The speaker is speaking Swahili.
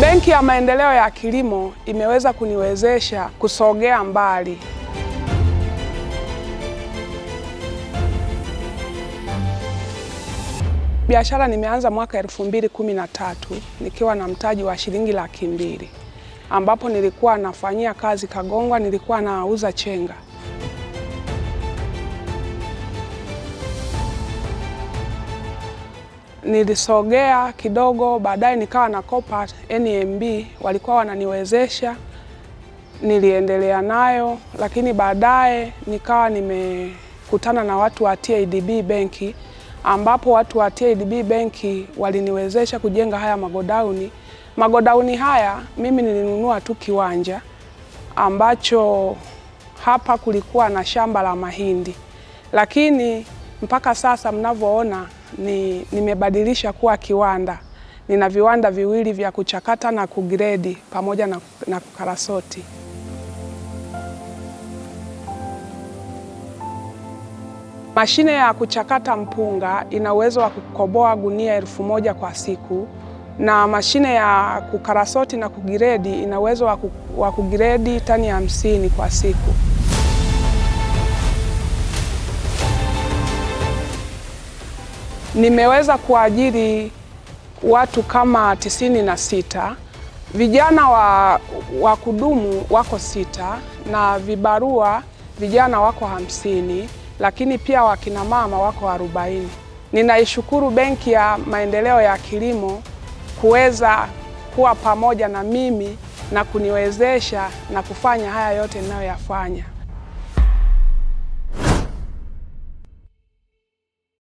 Benki ya Maendeleo ya Kilimo imeweza kuniwezesha kusogea mbali. Biashara nimeanza mwaka 2013 nikiwa na mtaji wa shilingi laki mbili ambapo nilikuwa nafanyia kazi Kagongwa, nilikuwa nauza chenga. nilisogea kidogo, baadaye nikawa nakopa NMB, walikuwa wananiwezesha, niliendelea nayo, lakini baadaye nikawa nimekutana na watu wa TADB benki, ambapo watu wa TADB benki waliniwezesha kujenga haya magodauni. Magodauni haya mimi nilinunua tu kiwanja ambacho hapa kulikuwa na shamba la mahindi, lakini mpaka sasa mnavyoona ni nimebadilisha kuwa kiwanda. Nina viwanda viwili vya kuchakata na kugredi pamoja na, na kukarasoti. Mashine ya kuchakata mpunga ina uwezo wa kukoboa gunia elfu moja kwa siku na mashine ya kukarasoti na kugredi ina uwezo wa kugredi tani hamsini kwa siku. nimeweza kuajiri watu kama tisini na sita vijana wa, wa kudumu wako sita na vibarua vijana wako hamsini lakini pia wakinamama wako arobaini. Ninaishukuru Benki ya Maendeleo ya Kilimo kuweza kuwa pamoja na mimi na kuniwezesha na kufanya haya yote ninayoyafanya.